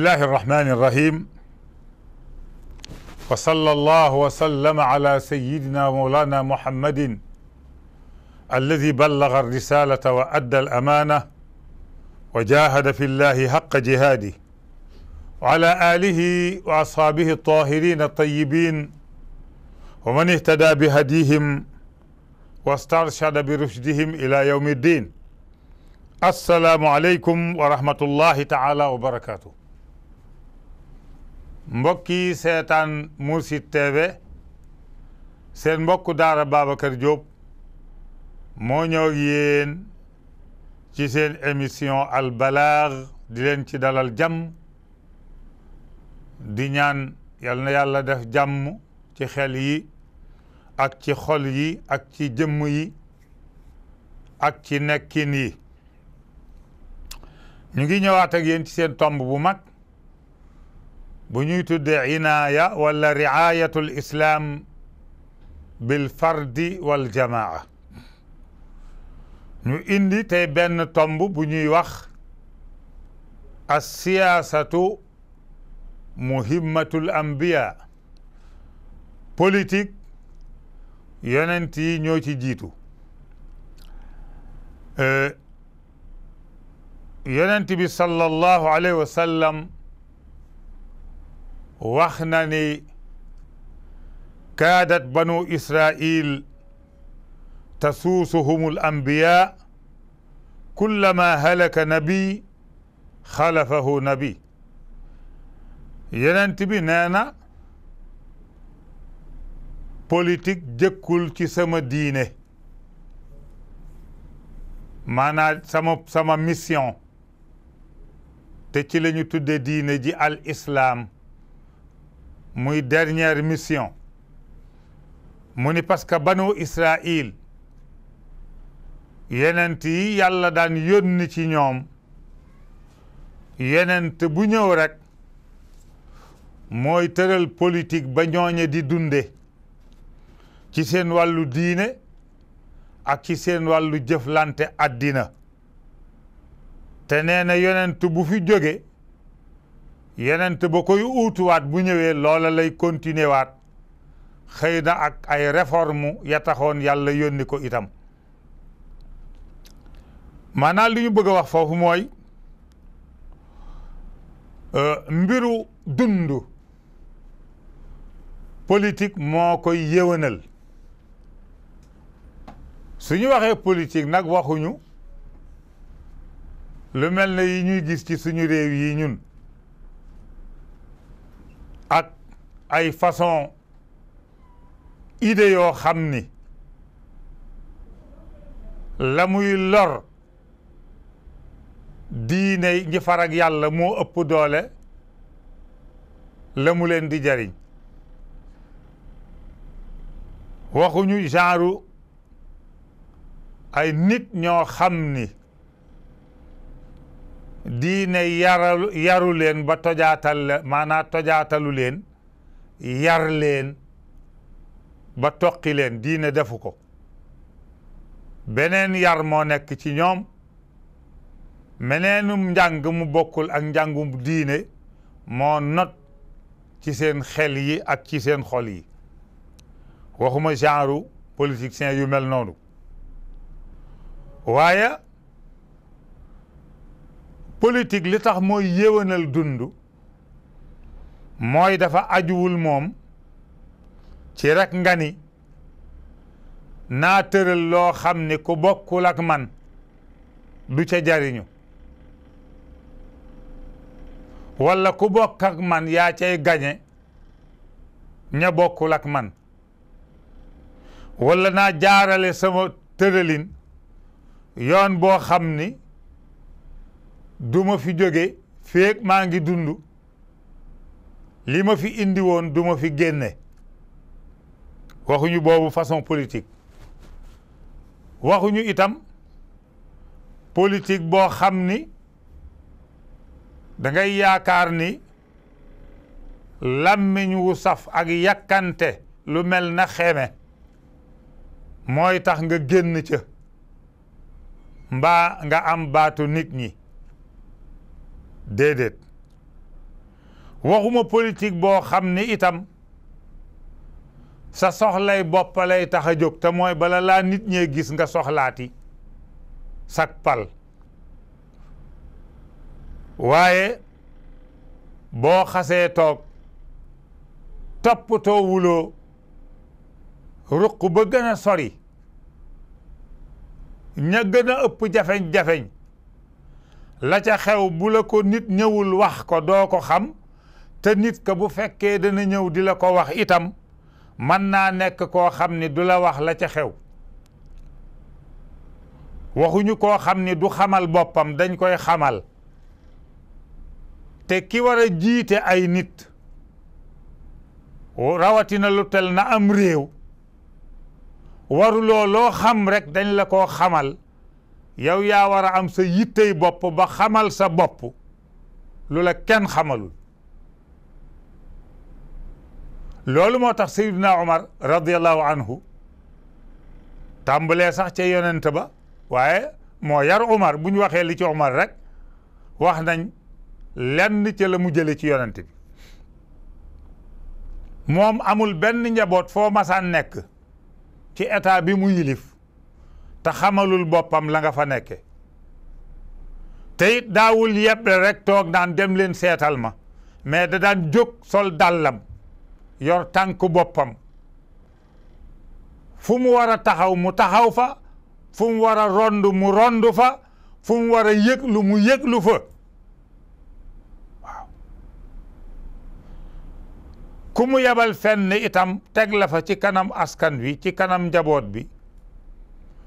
الله الرحمن الرحيم وصلى الله وسلم على سيدنا مولانا محمد الذي بلغ الرسالة وأدى الأمانة وجاهد في الله حق جهاده وعلى آله وأصحابه الطاهرين الطيبين ومن اهتدى بهديهم واسترشد برشدهم إلى يوم الدين السلام عليكم ورحمة الله تعالى وبركاته mbokk yi seetaan Mourchid TV seen mbokku daara Babacar Diop moo ñëw yéen ci seen émission al di leen ci dalal jàmm di ñaan yal na yàlla def jàmm ci xel yi ak ci xol yi ak ci jëmm yi ak ci nekkin yi ñu ngi ñëwaat yeen ci seen tomb bu mag bu ñuy tuddee inaaya wala riaayatul islaam bil fardi wal jamaa ñu indi tey benn tomb bu ñuy wax assiyaasatu muhimmatul ambiya politique yonent yi ñoo ci jiitu euh, yonent bi sallallahu alayhi wa wax na ni kaadat banu israil tasuusuhum alambiya kullama halaka nabi xalafahu nabi yenent bi nee politik politique jëkkul ci sama diine maanaam sama sama mission te ci la ñu tudde diine ji al islaam muy dernier mission mu ni parce que banu Israil yenent yi yàlla daan yónni ci ñoom yenent bu ñëw rek mooy tëral politique ba ñooñe di dunde ci seen wàllu diine ak ci seen wàllu jëflante àddina te nee yenent bu fi jóge yenent ba koy uutuwaat bu ñëwee loola lay continuer waat xëy na ak ay réforme ya taxoon yàlla yónni ko itam maanaam li ñu bëgg a wax foofu mooy euh, mbiru dund politik moo koy yéwénal su ñu waxee politique nag waxuñu lu mel ne yi ñuy gis ci suñu réew yi ñun ak ay façon idée yoo xam ni la muy lor diine ñi far yàlla moo ëpp doole la mu leen di jariñ waxuñu genre ay nit ñoo xam ni diine yaruleen ba tojaatal maanaa tojaatalu leen yar ba toqi diine defu ko beneen yar moo nekk ci ñoom meneenum njàng mu bokkul ak njàngum diine moo not ci seen xel yi ak ci seen xol yi waxuma genre politiciens yu mel noonu waaye politik li tax mooy yéwénal dund mooy dafa ajuwul moom ci rek nga ni naa tëral loo xam ni ku bokkul man du ca jariñu walla ku bokk man yaa cay gañe ña bokkul ak man walla naa jaarale sama tëralin yoon boo xam ni duma fi jóge feeg maa ngi dund li fi indiwoon duma du ma fi génne waxuñu boobu façon politique waxuñu itam politique boo xam ni da ngay yaakaar ni làmmiñ wu saf ak yàkkante lu mel na xeme mooy tax nga génn ca mbaa nga am baatu nit ñi déedéet waxuma politik boo xam ni itam sa soxlay bopp lay tax a jóg te mooy bala laa nit ñee gis nga soxlaati sak pal waaye boo xasee toog toppatoo wuloo ruq ba gën a sori ña gën a ëpp jafeñ-jafeñ la ca xew bu la ko nit ñëwul wax ko doo ko xam te nit ka bu fekkee dana ñëw di la ko wax itam mën naa nekk koo xam ni du la wax la ca xew waxuñu koo xam ni du xamal boppam dañ koy xamal te ki wara jiite ay nit rawatina lu tel na am réew waruloo loo xam rek dañ la ko xamal yow yaa war a am sa yittey bopp ba xamal sa bopp lu la kenn xamalul loolu moo tax sayiduna Umar radiallahu anhu tàmbalee sax ca yonent ba waaye moo yar Umar bu ñu waxee li ci Umar rek wax nañ lenn ca la mu jële ci yonent bi moom amul benn njaboot foo masaan nekk ci état bi mu yilif te xamalul boppam la nga fa nekke te it daawul yëpp rek toog naan dem leen seetal ma mais da daan jóg sol dàllam yor tànku boppam fu mu war taxaw mu taxaw fa fu mu war a mu rond fa fu mu war a yëglu mu yëglu fa waaw ku mu yebal fenn itam teg la fa ci kanam askan wi ci kanam njaboot bi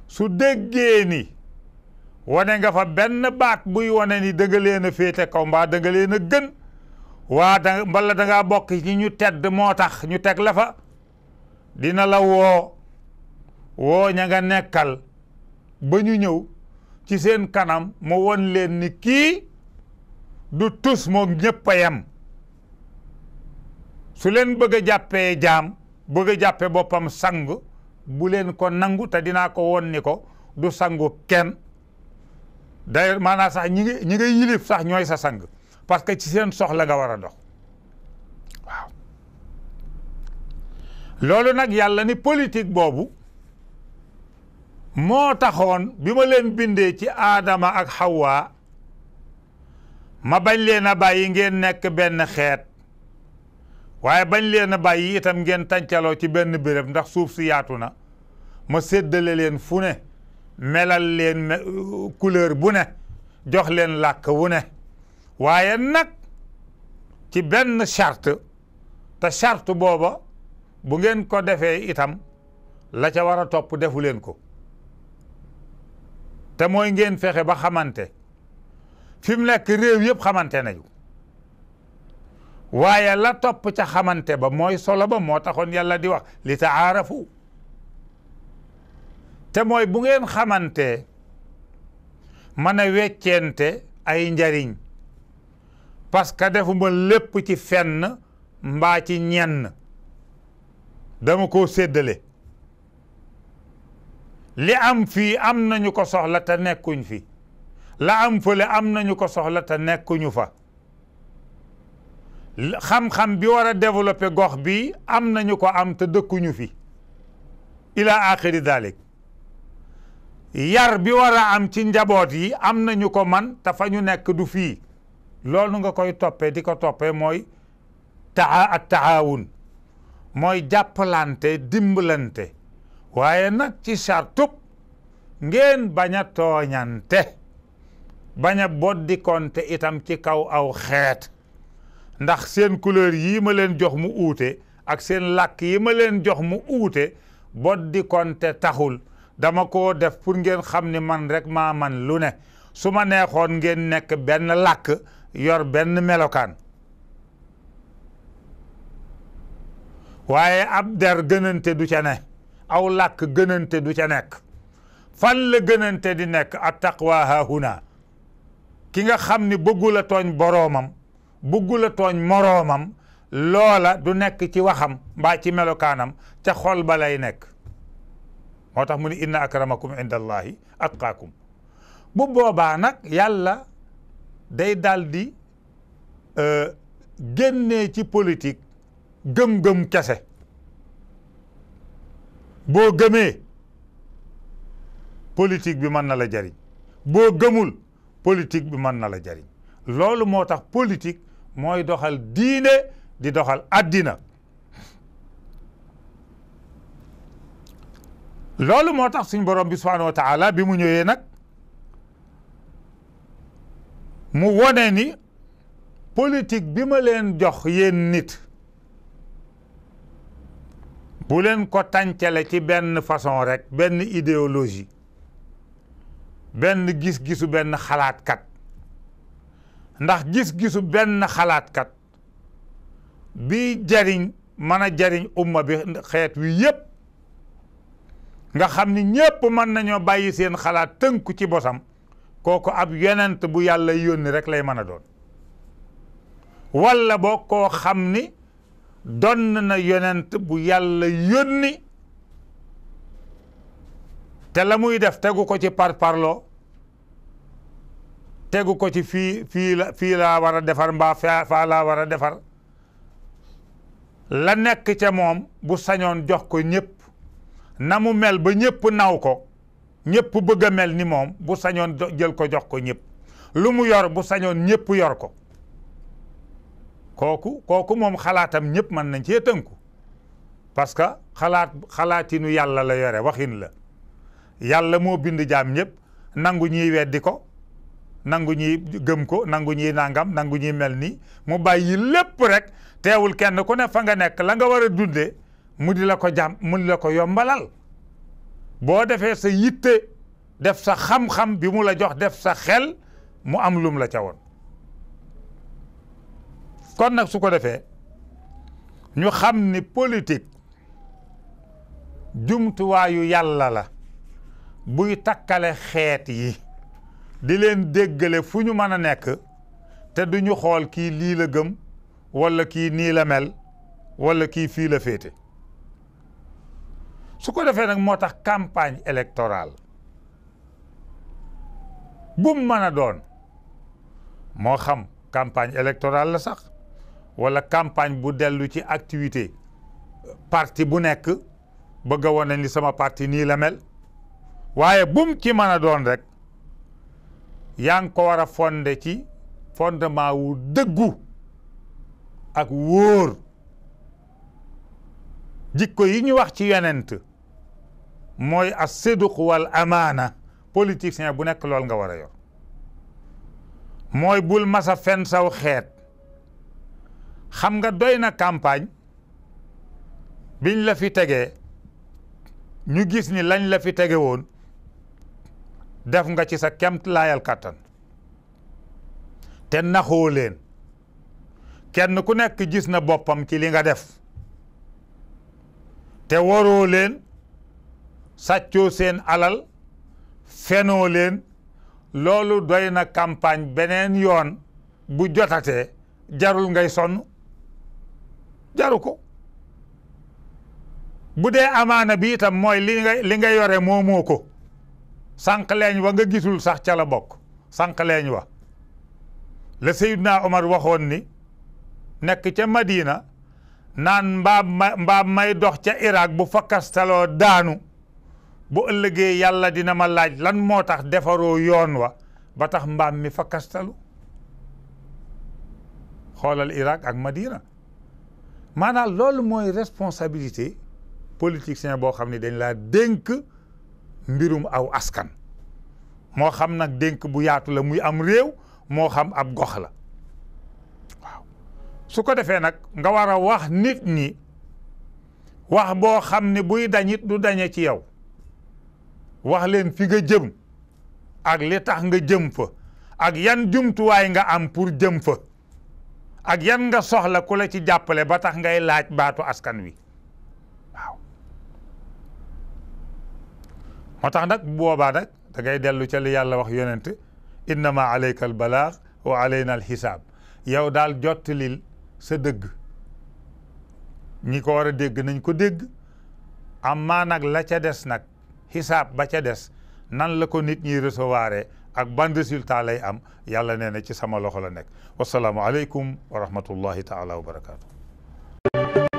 su déggee ni wane nga fa benn baat buy wane ni da leen a féete kaw mbaa da leen a gën waa da mbala da ngaa bokk ci ñu tedd moo tax ñu teg la fa dina la woo woo ña nga nekkal ba ñu ñëw ci seen kanam mu won leen ni kii du tus moog ñëpp a su leen bëgg a jàppee jaam bëgg a jàppe boppam sang bu leen ko nangu te dinaa ko won ni ko du sangu kenn d'ailleurs maanaam sax ñi nga ñi nga yilif sax ñooy sa sang parce que ci seen soxla nga war a dox waaw loolu nag yàlla ni politique boobu moo taxoon bi ma leen bindee ci aadama ak xawaa ma bañ leen a bàyyi ngeen nekk benn xeet waaye bañ leen a bàyyi itam ngeen tàncaloo ci benn béréb ndax suuf si yaatu na ma séddale leen fu ne melal leen euh, couleur bu ne jox leen lakk wu ne waaye nag ci benn charte te charte booba bu ngeen ko defee itam la ca war a topp defu leen ko te mooy ngeen fexe ba xamante fi mu nekk réew yëpp xamante nañu waaye la topp ca xamante ba mooy solo ba moo taxoon yàlla di wax li taarafu te mooy bu ngeen xamante mën a weccente ay njariñ parce que defuma lépp ci fenn mbaa ci ñenn dama koo séddale li am fii am nañu ko soxla te nekkuñ fi la am fële am nañu ko soxla te nekkuñu fa xam-xam bi wara a gox bi am nañu ko am te dëkkuñu fi ila axiri dalik yar bi wara am ci njaboot yi am nañu ko man te fa ñu nekk du fii loolu nga koy toppe di ko toppee mooy taa ak taawun mooy jàppalante dimbalante waaye nag ci sartub ngeen bañ a tooñante bañ boddikonte itam ci kaw aw xeet ndax seen couleur yii ma leen jox mu uute ak seen lakk yi ma leen jox mu uute bot di konte taxul dama ko def pour ngeen xam ni man rek ma man lu ne su ma neexoon ngeen nekk benn lakk yor benn melokaan waaye ab der gënante du ca ne aw lakk gënante du ca nekk fan la gënante di nekk at taqwa hahuna ki nga xam ni bëggul a tooñ boroomam bu buggula tooñ moroomam loola du nekk ci waxam mbaa ci melokaanam ca xol ba lay nekk moo tax mu ni inna akramakum inda allahi atqaakum bu boobaa nag yàlla day daldi euh, génnee ci politique gëm-gëm kese boo gëmee politique bi mën na la jariñ boo gëmul politique bi mën na la jariñ loolu moo tax politique mooy doxal diine di doxal àddina loolu moo tax suñ borom bi subhanahu wa bi mu ñëwee nag mu wone ni politik bi ma leen jox yéen nit bu leen ko tàncale ci benn façon rek benn idéologie benn gis-gisu benn xalaatkat ndax gis-gisu benn xalaatkat bi jariñ mën a jariñ umma bi xeet wi yépp nga xam ni ñépp mën nañoo bàyyi seen xalaat tënku ci bosam kooku ab yonent bu yàlla yónni rekk lay mën a doon walla boo koo xam ni donn na yonent bu yàlla yónni te la muy def tegu ko ci parparloo tegu ko ci fii fii la fii laa war a defar mbaa faa laa war a defar la nekk ca moom bu sañoon jox ko ñëpp na mu mel ba ñëpp naw ko ñëpp bëgg a mel ni moom bu sañoon jël ko jox ko ñépp lu mu yor bu sañoon ñëpp yor ko kooku kooku moom xalaatam ñëpp mën nañ cee tënku parce que xalaat xalaatinu yàlla la yore waxin la yàlla moo bind jaam ñépp nangu ñiy weddi ko nangu ñi gëm ko nangu ñi nangam nangu ñi mel nii mu bàyyi lépp rekk teewul kenn ku ne fa nga nekk la nga war a dunde mu di la ko jàmm mu di la ko yombalal boo defee sa yitte def sa xam-xam bi mu la jox def sa xel mu am lum la ca woon kon nag su ko defee ñu xam ni politique jumtuwaayu yàlla la buy takkale xeet yi di leen déggale fu ñu mën a nekk te du ñu xool kii lii la gëm walla kii nii la mel wala kii fii la féete su ko defee nag moo tax campagne électorale bum mu mën a doon moo xam campagne électorale la sax wala campagne bu dellu ci activité parti bu nekk bëgg a wane ni sama parti nii la mel waaye bum ci mën a doon rek yaa ngi ko war a fondé ci fondement wu dëggu ak wóor jikko yi ñu wax ci yenent mooy a sidq wal amaana politicien bu nekk lool nga war a yor mooy bul masa fen saw xeet xam nga doy na campagne biñ la fi tegee ñu gis ni lañ la fi tege woon def nga ci sa kemt laayal kàttan te naxoo leen kenn ku nekk gis na boppam ci li nga def te waroo leen sàccoo seen alal fenoo leen loolu doy na campagne beneen yoon bu jotatee jarul ngay sonn jaru ko bu dee amaana bi itam mooy li nga yore moomoo ko sànq wa nga gisul sax ca la bokk sànq wa la Seydina Omar waxoon ni nekk ca Madina naan mbaam mbaam may dox ca Irak bu fakkastaloo daanu bu ëllëgee yàlla dina ma laaj lan moo tax defaroo yoon wa ba tax mbaam mi fakkastalu xoolal Irak ak Madina maanaam loolu mooy responsabilité politicien boo xam ne dañ laa dénk mbirum aw askan moo xam nag dénk bu yaatu la muy am réew moo xam ab gox la waaw su ko defee nag nga war a wax nit ñi wax boo xam ne buy dañit du dañee ci yow wax leen fi nga jëm ak li tax nga jëm fa ak yan jumtuwaay nga am pour jëm fa ak yan nga soxla ku la ci jàppale ba tax ngay laaj baatu askan wi moo tax nag boobaa nag da dellu ca yàlla wax yonent innama alayka al balaag wa alayna al xisaab yow daal jottalil sa dëgg ñi ko war a dégg nañ ko dégg amaa nag la ca des nag xisaab ba ca des nan la ko nit ñiy recevoir ak ban résultat lay am yàlla nee na ci sama loxo la nekk wasalaamu aleykum wa rahmatullahi taala wa barakaatu.